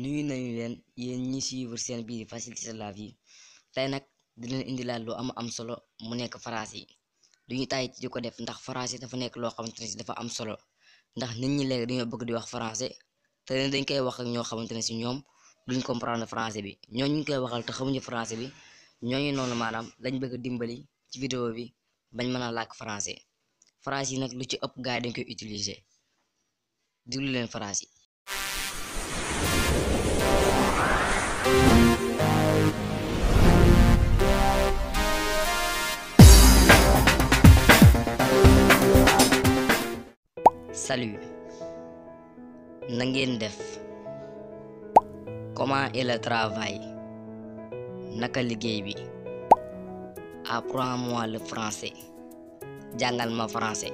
nuyu nañu leen yéen ñi suivre seen biir facilité la vie tey nag dina indi indilaat lu am am solo mu nekk phrase yi duñu tàyyi ci di ko def ndax phrase yi dafa nekk loo xamante ne si dafa am solo ndax nit ñi léegi dañoo bëgg di wax français te dañ koy wax ak ñoo xamante ne si ñoom duñ comprendre français bi ñoo ñu koy waxal te xamuñu français bi ñooñu noonu maanaam lañ bëgg dimbali ci vidéo bi bañ mën a làkk français phrase yi nag lu ci ëpp gaay dañ koy utiliser diglu leen phrase yi salut na ngeen def comment est le travail naka liggéey bi apprends-moi le français jàngal ma français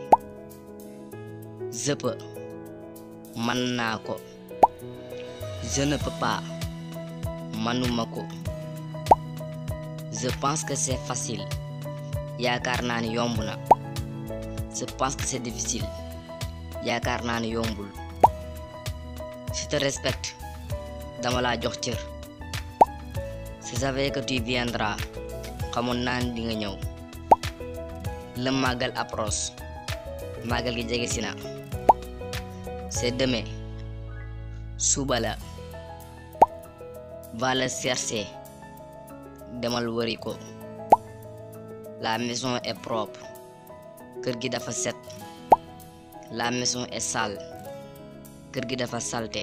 je naa ko je ne peux ko je pense que c'est facile yaakaar naa ni yomb na je pense que c'est difficile yaakaar naa ne yombul je te dama laa jox cër je savais que tu viendras xamoon naa ne di nga ñëw le màggal apros màggal gi jege si na c'est demain suba la va demal wëri ko la maison est propre kër gi dafa set La maison est sale. kër gi dafa salte.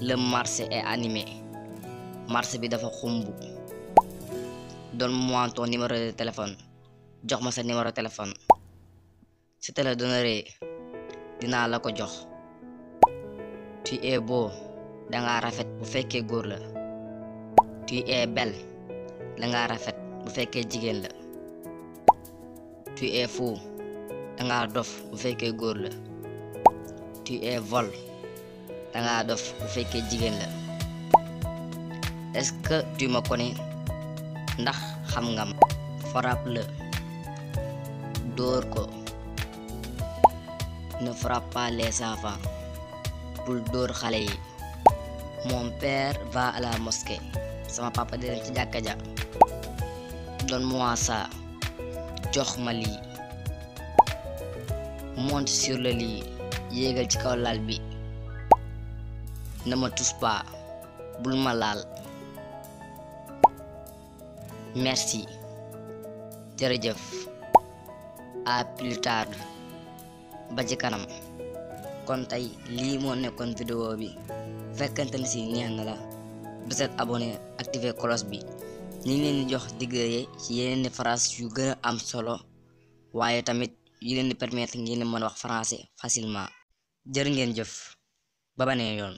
Le marché est animé. marché bi dafa xumb. Donne-moi ton numéro de téléphone. jox ma sa numéro téléphone. Si te la donneré dinaa la ko jox. Tu es beau. danga rafet bu fekkee góor la. Tu es belle. danga rafet bu fekkee jigéen la. Tu es fou. dangaa dof bu fekkee góor la tu es vol dangaa dof bu fekkee jigéen la est-ce que tu me ndax xam nga ma frappe le dóor ko ne frappe pas les bul dóor xale yi mon père va à la mosquée sama papa di dem ci jàkka ja donne-moi jox ma lii monte sur le lit yéegal ci kaw laal bi ne me bul ma laal merci jërëjëf à tard ba ci kanam kon tey lii moo nekkoon vidéo bi fekkante ni si neex na la beset abonné activé cloche bi ñu ngi leen di jox diggéeye ci yeneen phrase yu gën a am solo waaye tamit yi leen di permettre ngeen mën a wax français facilement jërë ngeen jëf ba baneen yoon